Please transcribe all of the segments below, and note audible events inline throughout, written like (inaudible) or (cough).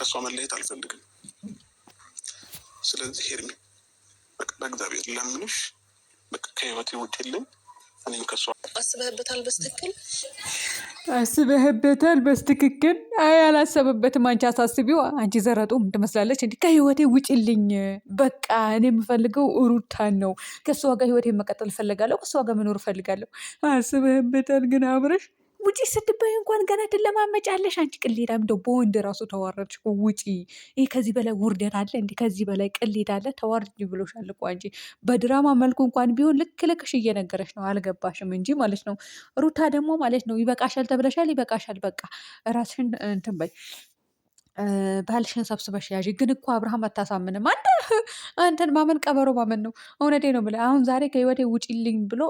ከእሷ መለየት አልፈልግም። ስለዚህ ሄርሜ በእግዚአብሔር ለምንሽ በቃ ከህይወቴ ውጭ የለኝ። እኔም ከእሷ አስበህበታል በስትክክል አስበህበታል በስትክክል። አይ አላሰበበትም። አንቺ አሳስቢው፣ አንቺ ዘረጡ ትመስላለች። እንዲ ከህይወቴ ውጭልኝ፣ በቃ እኔ የምፈልገው ሩታን ነው። ከእሷ ጋር ህይወቴ መቀጠል እፈልጋለሁ። ከእሷ ጋር መኖር እፈልጋለሁ። አስበህበታል ግን አብረሽ ውጪ ስትባይ እንኳን ገና ትለማመጫለሽ። አንቺ ቅሌዳም እንደው በወንድ ራሱ ተዋረድሽ ውጪ። ይህ ከዚህ በላይ ውርደት አለ እንዲ? ከዚህ በላይ ቅሌድ አለ? ተዋርድ ብሎሻል እኮ አንቺ። በድራማ መልኩ እንኳን ቢሆን ልክ ልክሽ እየነገረሽ ነው፣ አልገባሽም እንጂ ማለት ነው። ሩታ ደግሞ ማለት ነው ይበቃሻል ተብለሻል፣ ይበቃሻል። በቃ ራስሽን እንትን በይ ባልሽን ሰብስበሽ ያዥ። ግን እኮ አብርሃም አታሳምንም። አንተ (laughs) አንተን ማመን ቀበሮ ማመን ነው። እውነቴ ነው ብለህ አሁን ዛሬ ከህይወቴ ውጭልኝ ብሎ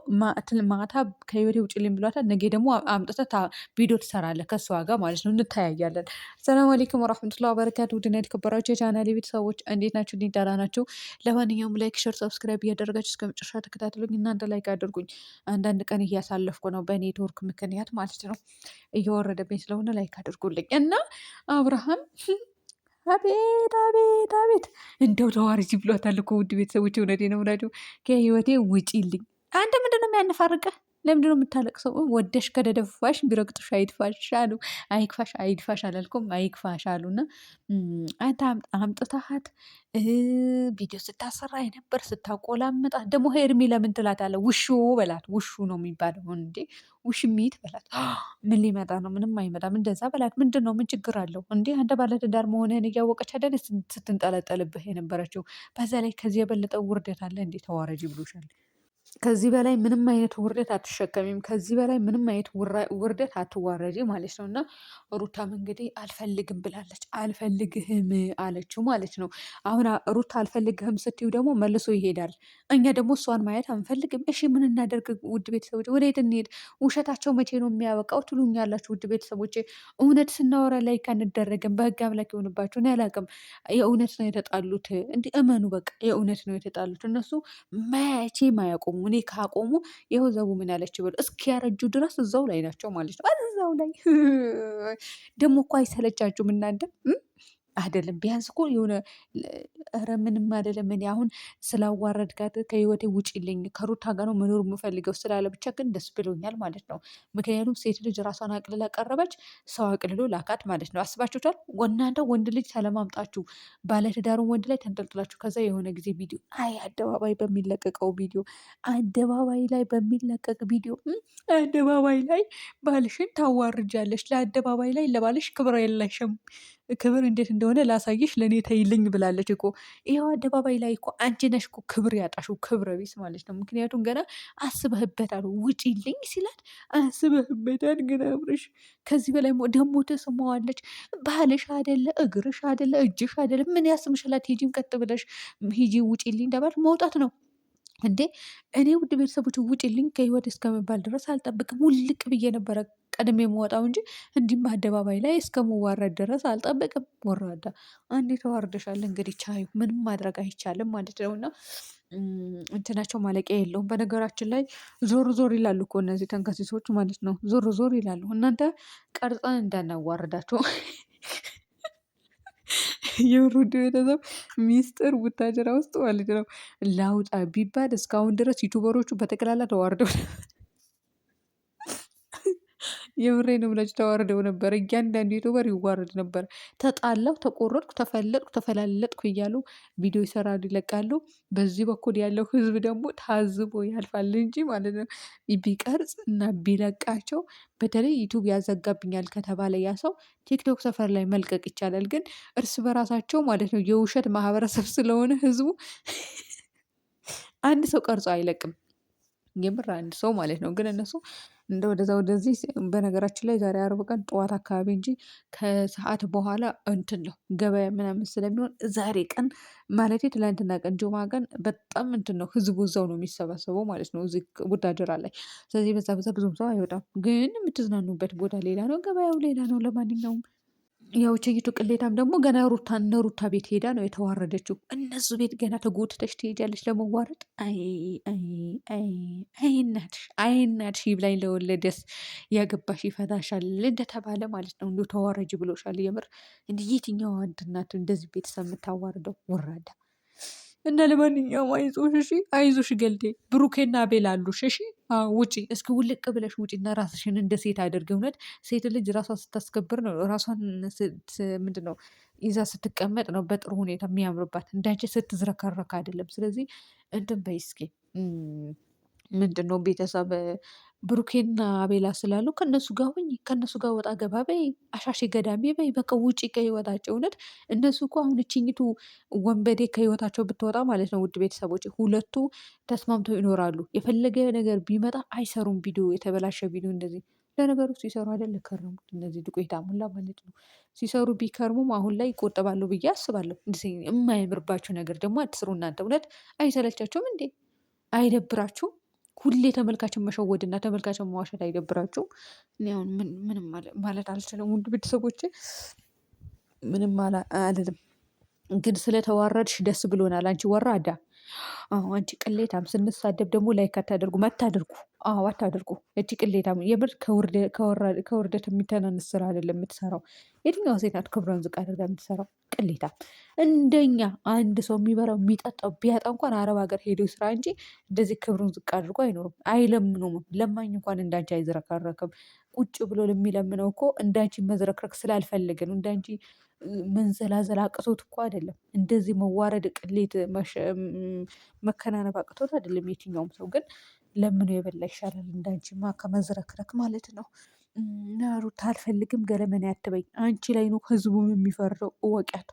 ማታ ከህይወቴ ውጭልኝ ብሏታል። ነገ ደግሞ አምጥተህ ቪዲዮ ትሰራለህ ከእሱ ዋጋ ማለት ነው። እንታያያለን። ሰላም አለይኩም ወራህመቱላ ወበረካቱ። ውድና የተከበራችሁ የቻናሌ ቤተሰቦች እንዴት ናችሁ? ሊዳራ ናችሁ። ለማንኛውም ላይክ፣ ሸር፣ ሰብስክራይብ እያደረጋችሁ እስከ መጨረሻ ተከታትሉኝ። እናንተ ላይክ አድርጉኝ። አንዳንድ ቀን እያሳለፍኩ ነው በኔትወርክ ምክንያት ማለት ነው። እየወረደብኝ ስለሆነ ላይክ አድርጉልኝ እና አብርሃም አቤት አቤት አቤት እንደው ተዋርጅ ብሏታል እኮ ውድ ቤተሰቦች፣ እውነቴ ነው ብላቸው ከህይወቴ ውጪልኝ። አንተ ምንድነው የሚያነፋርቅህ? ለምንድነው የምታለቅሰው? ወደሽ ከደደፋሽ ቢረግጡሽ አይድፋሽ አሉ። አይክፋሽ አይድፋሽ አላልኩም፣ አይክፋሽ አሉ። አሉና አምጥታሃት ቪዲዮ ስታሰራ የነበር ስታቆላምጣት ደግሞ ሄርሚ ለምን ትላት አለ። ውሹ በላት። ውሹ ነው የሚባለው እንዴ? ውሽሚት በላት። (gasps) ምን ሊመጣ ነው? ምንም አይመጣም። እንደዛ በላት። ምንድን ነው? ምን ችግር አለው እንዴ? አንተ ባለትዳር መሆንህን እያወቀች አደን ስትንጠለጠልብህ የነበረችው? በዛ ላይ ከዚህ የበለጠ ውርደት አለ እንዴ? ተዋረጅ ብሎሻል። ከዚህ በላይ ምንም አይነት ውርደት አትሸከሚም። ከዚህ በላይ ምንም አይነት ውርደት አትዋረጂ ማለት ነው። እና ሩታም እንግዲህ አልፈልግም ብላለች። አልፈልግህም አለችው ማለት ነው። አሁን ሩታ አልፈልግህም ስትዩ ደግሞ መልሶ ይሄዳል። እኛ ደግሞ እሷን ማየት አንፈልግም። እሺ ምን እናደርግ? ውድ ቤተሰቦች ወዴት እንሄድ? ውሸታቸው መቼ ነው የሚያበቃው? ትሉኛላችሁ ውድ ቤተሰቦች። እውነት ስናወራ ላይ ከንደረግም በህግ አምላክ የሆንባቸው ያላቅም። የእውነት ነው የተጣሉት። እንዲህ እመኑ በቃ የእውነት ነው የተጣሉት። እነሱ መቼም አያውቁም እኔ ካቆሙ ይኸው ዘቡ ምን ያለች ብሎ እስኪያረጁ ድረስ እዛው ላይ ናቸው ማለት ነው። እዛው ላይ (laughs) ደግሞ እኮ አይሰለቻችሁም እናንተ አይደለም ቢያንስ እኮ የሆነ ኧረ ምንም አይደለም። እኔ አሁን ስላዋረድካት ከህይወቴ ውጪልኝ ከሩታ ጋር ነው መኖር የምፈልገው ስላለ ብቻ ግን ደስ ብሎኛል ማለት ነው። ምክንያቱም ሴት ልጅ ራሷን አቅልላ ቀረበች፣ ሰው አቅልሎ ላካት ማለት ነው። አስባችሁታል? እናንተ ወንድ ልጅ ተለማምጣችሁ ባለትዳሩን ወንድ ላይ ተንጠልጥላችሁ ከዛ የሆነ ጊዜ ቪዲዮ አይ አደባባይ በሚለቀቀው ቪዲዮ አደባባይ ላይ በሚለቀቅ ቪዲዮ አደባባይ ላይ ባልሽን ታዋርጃለሽ። ለአደባባይ ላይ ለባልሽ ክብር የለሽም። ክብር እንዴት እንደሆነ ላሳይሽ ለእኔ ተይልኝ ብላለች እኮ። ይኸው አደባባይ ላይ እኮ አንቺ ነሽ እኮ ክብር ያጣሽው ክብረ ቢስ ማለት ነው። ምክንያቱም ገና አስበህበታል፣ ውጪልኝ ሲላት አስበህበታል። ግን አብርሽ ከዚህ በላይ ደግሞ ተስማዋለች። ባልሽ አደለ፣ እግርሽ አደለ፣ እጅሽ አደለ። ምን ያስምሽላት? ሂጂም ቀጥ ብለሽ ሂጂ፣ ውጪልኝ እንደባል መውጣት ነው እንዴ እኔ ውድ ቤተሰቦች ውጭልኝ ከህይወት እስከመባል ድረስ አልጠብቅም። ውልቅ ብዬ ነበረ ቀድሜ የምወጣው እንጂ እንዲህም አደባባይ ላይ እስከምዋረድ ድረስ አልጠበቅም። ወራዳ አንዴ ተዋርደሻል እንግዲህ ቻዩ ምንም ማድረግ አይቻልም ማለት ነው። እና እንትናቸው ማለቂያ የለውም። በነገራችን ላይ ዞር ዞር ይላሉ እኮ እነዚህ ተንከሲሶች ማለት ነው። ዞር ዞር ይላሉ። እናንተ ቀርጸን እንዳናዋርዳቸው። (laughs) የውሩድ ቤተሰብ ሚስጥር ቡታጀራ ውስጥ ማለት ነው። ላውጣ ቢባል እስካሁን ድረስ ዩቱበሮቹ በጠቅላላ ተዋርደው የብሬ ነው ብላችሁ ተዋርደው ነበር። እያንዳንዱ ዩቱበር ይዋረድ ነበር። ተጣላሁ፣ ተቆረጥኩ፣ ተፈለጥኩ፣ ተፈላለጥኩ እያሉ ቪዲዮ ይሰራሉ፣ ይለቃሉ። በዚህ በኩል ያለው ህዝብ ደግሞ ታዝቦ ያልፋል እንጂ ማለት ነው ቢቀርጽ እና ቢለቃቸው በተለይ ዩቱብ ያዘጋብኛል ከተባለ ያ ሰው ቲክቶክ ሰፈር ላይ መልቀቅ ይቻላል። ግን እርስ በራሳቸው ማለት ነው የውሸት ማህበረሰብ ስለሆነ ህዝቡ አንድ ሰው ቀርጾ አይለቅም። የምር አንድ ሰው ማለት ነው። ግን እነሱ እንደ ወደዛ ወደዚህ በነገራችን ላይ ዛሬ አርብ ቀን ጠዋት አካባቢ እንጂ ከሰዓት በኋላ እንትን ነው ገበያ ምናምን ስለሚሆን ዛሬ ቀን ማለት ትላንትና ቀን ጆማ ቀን በጣም እንትን ነው ህዝቡ እዛው ነው የሚሰባሰበው ማለት ነው። እዚህ ቡታጅራ ላይ ስለዚህ በዛ በዛ ብዙም ሰው አይወጣም። ግን የምትዝናኑበት ቦታ ሌላ ነው፣ ገበያው ሌላ ነው። ለማንኛውም ያው ቸይቱ ቅሌታም ደግሞ ገና ሩታ እነ ሩታ ቤት ሄዳ ነው የተዋረደችው። እነሱ ቤት ገና ተጎትተሽ ትሄጃለች ለመዋረድ። አይናትሽ አይናትሽ ይብላኝ ለወለደስ ያገባሽ ይፈታሻል እንደተባለ ማለት ነው። እንዲ ተዋረጅ ብሎሻል። የምር እንዲ የትኛዋ ወንድ ናት እንደዚህ ቤተሰብ የምታዋርደው? ወራዳ እና ለማንኛውም አይዞሽ እሺ፣ አይዞሽ ገልዴ። ብሩኬና ቤላ አሉሽ እሺ። ውጪ እስኪ ውልቅ ብለሽ ውጪ እና ራስሽን እንደ ሴት አድርግ። እውነት ሴት ልጅ ራሷን ስታስከብር ነው ራሷን ምንድን ነው ይዛ ስትቀመጥ ነው በጥሩ ሁኔታ የሚያምርባት፣ እንዳንቺ ስትዝረከረክ አይደለም። ስለዚህ እንትን በይ እስኪ ምንድነው ቤተሰብ ብሩኬና አቤላ ስላሉ ከእነሱ ጋር ሁኝ፣ ከእነሱ ጋር ወጣ ገባ በይ፣ አሻሼ ገዳሚ በይ፣ በቃ ውጪ ከህይወታቸው። እውነት እነሱ እኮ አሁን እችኝቱ ወንበዴ ከህይወታቸው ብትወጣ ማለት ነው። ውድ ቤተሰቦች ሁለቱ ተስማምተው ይኖራሉ። የፈለገ ነገር ቢመጣ አይሰሩም። ቪዲዮ የተበላሸ ቪዲዮ እንደዚህ ለነገሩ ሲሰሩ አይደል ከረሙት። እነዚህ ዱቄታ ሙላ ማለት ነው ሲሰሩ ቢከርሙም አሁን ላይ ይቆጠባሉ ብዬ አስባለሁ። የማያምርባቸው ነገር ደግሞ አትስሩ እናንተ። እውነት አይሰለቻቸውም እንዴ? አይደብራችሁም? ሁሌ ተመልካችን መሸወድና ተመልካችን መዋሸት አይደብራችሁ? እኔ አሁን ምንም ማለት አልችልም። ውድ ቤተሰቦች ምንም አልልም፣ ግን ስለተዋረድሽ ደስ ብሎናል። አንቺ ወራዳ አዎ አንቺ ቅሌታም ስንሳደብ ደግሞ ላይክ አታደርጉ አታደርጉ። አዎ አታደርጉ። እቺ ቅሌታም የምር ከውርደት የሚተናነስ ስራ አይደለም የምትሰራው። የትኛው ሴት ናት ክብሯን ዝቅ አድርጋ የምትሰራው? ቅሌታም እንደኛ አንድ ሰው የሚበራው የሚጠጣው ቢያጣ እንኳን አረብ ሀገር ሄዶ ስራ እንጂ እንደዚህ ክብሩን ዝቅ አድርጎ አይኖርም። አይለምኑም ለማኝ እንኳን እንዳንቺ አይዝረከረክም። ቁጭ ብሎ ለሚለምነው እኮ እንዳንቺ መዝረክረክ ስላልፈለገ ነው። እንዳንቺ መንዘላዘላ አቅቶት እኮ አይደለም። እንደዚህ መዋረድ፣ ቅሌት መከናነብ አቅቶት አይደለም። የትኛውም ሰው ግን ለምኖ የበላ ይሻላል እንዳንቺማ ከመዝረክረክ ማለት ነው። ሩታ አልፈልግም፣ ገለመን አትበኝ። አንቺ ላይ ነው ህዝቡም የሚፈርደው እወቂያት።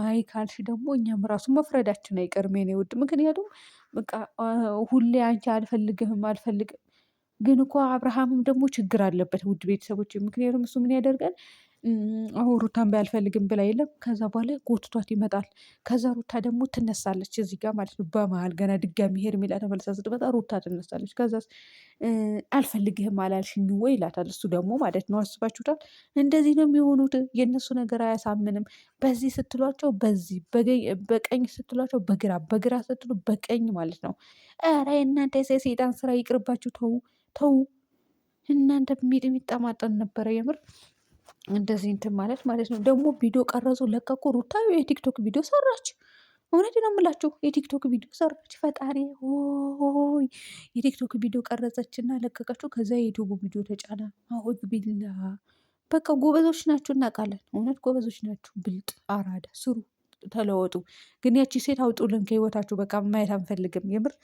አይ ካልሽ ደግሞ እኛም ራሱ መፍረዳችን አይቀርም የኔ ውድ። ምክንያቱም በቃ ሁሌ አንቺ አልፈልግህም አልፈልግም ግን እኮ አብርሃምም ደግሞ ችግር አለበት ውድ ቤተሰቦች። ምክንያቱም እሱ ምን ያደርጋል አሁን ሩታን ባይ ብላ የለም ከዛ በኋላ ጎትቷት ይመጣል። ከዛ ሩታ ደግሞ ትነሳለች እዚህ ጋር ማለት ነው። በመሀል ገና ድጋሚ ሄርሜላ ተመልሳ ስትመጣ ሩታ ትነሳለች። ከዛ አልፈልግህም አላልሽኝ ወይ ይላታል። እሱ ደግሞ ማለት ነው አስባችሁታል። እንደዚህ ነው የሚሆኑት። የእነሱ ነገር አያሳምንም። በዚህ ስትሏቸው በዚህ በቀኝ ስትሏቸው በግራ በግራ ስትሉ በቀኝ ማለት ነው። ኧረ እናንተ የሰይጣን ስራ ይቅርባችሁ። ተው ተው እናንተ ሚጥሚጣ ማጠን ነበረ የምር እንደዚህ እንትን ማለት ማለት ነው። ደግሞ ቪዲዮ ቀረጹ ለቀቁ። ሩታ የቲክቶክ ቪዲዮ ሰራች። እውነት ነው የምላችሁ የቲክቶክ ቪዲዮ ሰራች። ፈጣሪ ሆይ የቲክቶክ ቪዲዮ ቀረጸች እና ለቀቀችው። ከዛ የዩቱቡ ቪዲዮ ተጫነ። አሁዝ ቢላ በቃ ጎበዞች ናችሁ፣ እናውቃለን። እውነት ጎበዞች ናችሁ። ብልጥ አራዳ ስሩ፣ ተለወጡ። ግን ያቺ ሴት አውጡልን ከህይወታችሁ። በቃ ማየት አንፈልግም። የምር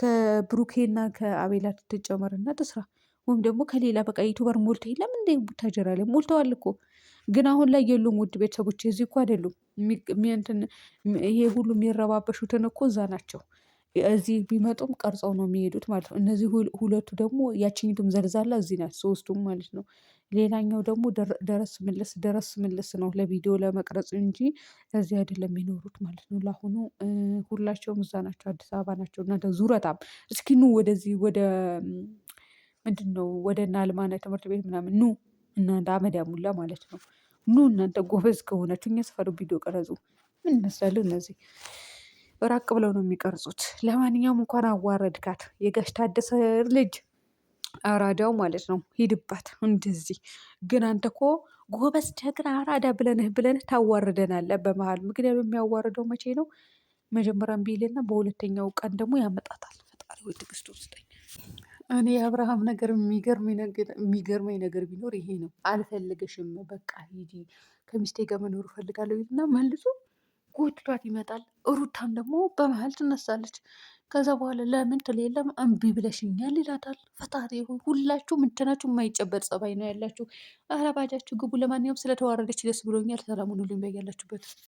ከብሩኬና ከአቤላ ትጨመርና ትስራ። ወይም ደግሞ ከሌላ በቃ ዩቱበር ሞልቶ የለም እንደ ቡታጀራ ላይ ሞልተዋል እኮ ግን አሁን ላይ የሉም። ውድ ቤተሰቦች እዚህ እኮ አይደሉም። ይሄ ሁሉ የሚረባበሹትን እኮ እዛ ናቸው። እዚህ ቢመጡም ቀርጸው ነው የሚሄዱት ማለት ነው። እነዚህ ሁለቱ ደግሞ ያችኝቱም ዘርዛላ እዚህ ናት፣ ሶስቱም ማለት ነው። ሌላኛው ደግሞ ደረስ ምልስ ደረስ ምልስ ነው ለቪዲዮ ለመቅረጽ እንጂ እዚህ አይደለም የሚኖሩት ማለት ነው። ለአሁኑ ሁላቸውም እዛ ናቸው፣ አዲስ አበባ ናቸው። እና ዙረታም እስኪኑ ወደዚህ ወደ ምንድን ነው ወደ እነ አልማና ትምህርት ቤት ምናምን ኑ እናንተ ሙላ ማለት ነው። ኑ እናንተ ጎበዝ ከሆናችሁ እኛ ሰፈሩ ቪዲዮ ቀረጹ። ምን ይመስላሉ እነዚህ ራቅ ብለው ነው የሚቀርጹት። ለማንኛውም እንኳን አዋረድካት የጋሽ ታደሰ ልጅ አራዳው ማለት ነው። ሂድባት እንደዚህ ግን አንተ ኮ ጎበዝ ጀግና አራዳ ብለንህ ብለንህ ታዋርደናለህ በመሀል። ምክንያቱም የሚያዋርደው መቼ ነው? መጀመሪያ ቢልና በሁለተኛው ቀን ደግሞ ያመጣታል። ፈጣሪ ወይ ትዕግስት ውስጠኝ። እኔ የአብርሃም ነገር የሚገርመኝ ነገር ቢኖር ይሄ ነው። አልፈልግሽም፣ በቃ ሂጂ፣ ከሚስቴ ጋር መኖር እፈልጋለሁ እና መልሶ ጎትቷት ይመጣል። ሩታም ደግሞ በመሀል ትነሳለች። ከዛ በኋላ ለምን ትሌለም እምቢ ብለሽኛል ይላታል። ፈጣሪ ሆይ ሁላችሁ ምንድናችሁ? የማይጨበጥ ጸባይ ነው ያላችሁ። አረባጃችሁ ግቡ። ለማንኛውም ስለተዋረደች ደስ ብሎኛል። ሰላሙን ሁሉም በያላችሁበት